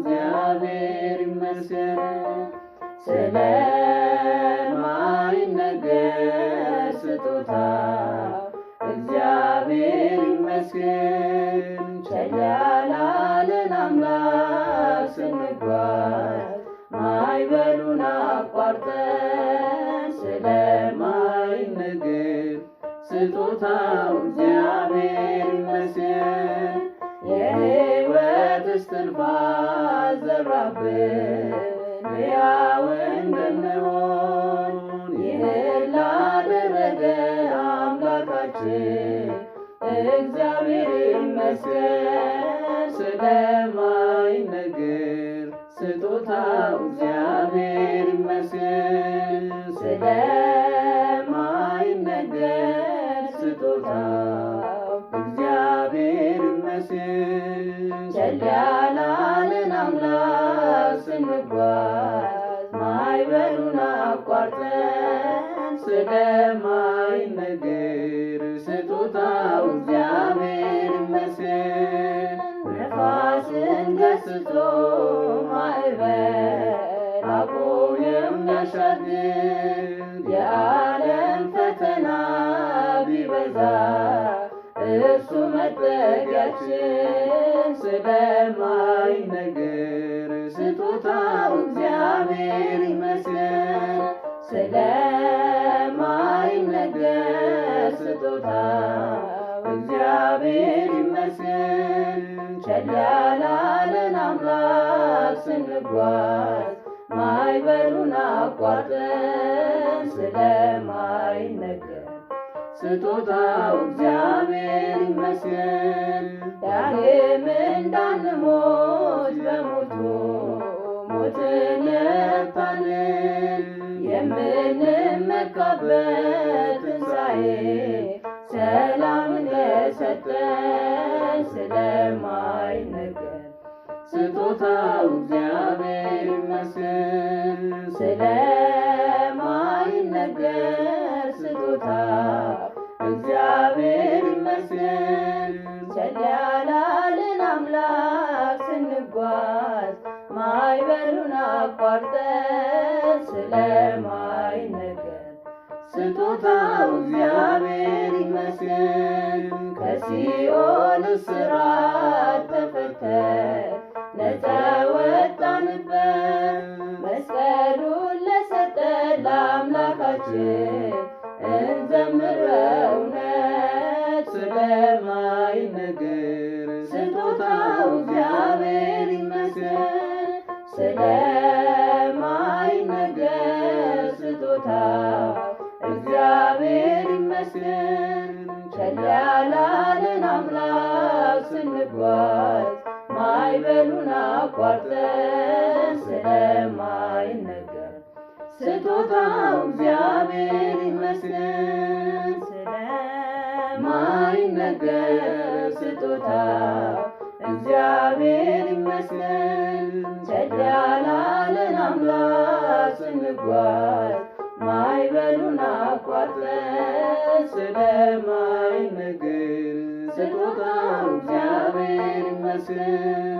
እግዚአብሔር ይመስገን ስለማይነገር ስጦታ እግዚአብሔር ይመስገን አምላክ ስንጓዝ አቋርጠን ስጦታው እግዚአብሔር ይመስገን እስትንፋስ እንዳያፍር ሕያው እንድንሆን ይህን ላደረገ አምላካችን እግዚአብሔር ይመስገን። ስለማይነገር ስጦታው እግዚአብሔር ይመስገን። ስለማይነገር እግዚአብሔር ይመስገን። ቸል አምላክ ስንጓዝ ማዕበሉን አቋርጠን ስለማይነገር ስጦታው እግዚአብሔር ይመስገን። ነፋስን ገስጾ ማዕበል አቁሞ የሚያሻግር የዓለም ፈተና ቢበዛ እሱ መጠጊያችን ስለማይነገር ይመስገን ስለማይነገር ስጦታ እግዚአብሔር ይመስገን። ቸል ያላለን አምላክ ስንጓዝ ማይበሉን አቋርጠን ስለማይነገር ስጦታው እግዚአብሔር ይመስገን። ዳግም እንዳንሞት በሞቱ ሞትንታንን የምንመካበት ትንሣኤ ሰላምን የሰጠን ስለማይነገር ስጦታው እግዚአብሔር ይመስገን ስለ አቋርጠን ስለማይነገር ስጦታው እግዚአብሔር ይመስገን። ከሲኦል እስራት ተፈተን ነፃ ወጣንበት መስቀሉን ለሰጠን ለአምላካችን እግዚአብሔር ይመስገን ቸላላለን አምላክ ስንጓዝ ማይበሉን አቋርጠን ስለማይነገር ስጦታው እግዚአብሔር ይመስገን ስለማይነገር ስጦታ እግዚአብሔር ይመስገን ቸላላለን አምላክ ስንጓዝ ሳያቋርጥ ስለማይነግር ስጦታ እግዚአብሔር ይመስገን።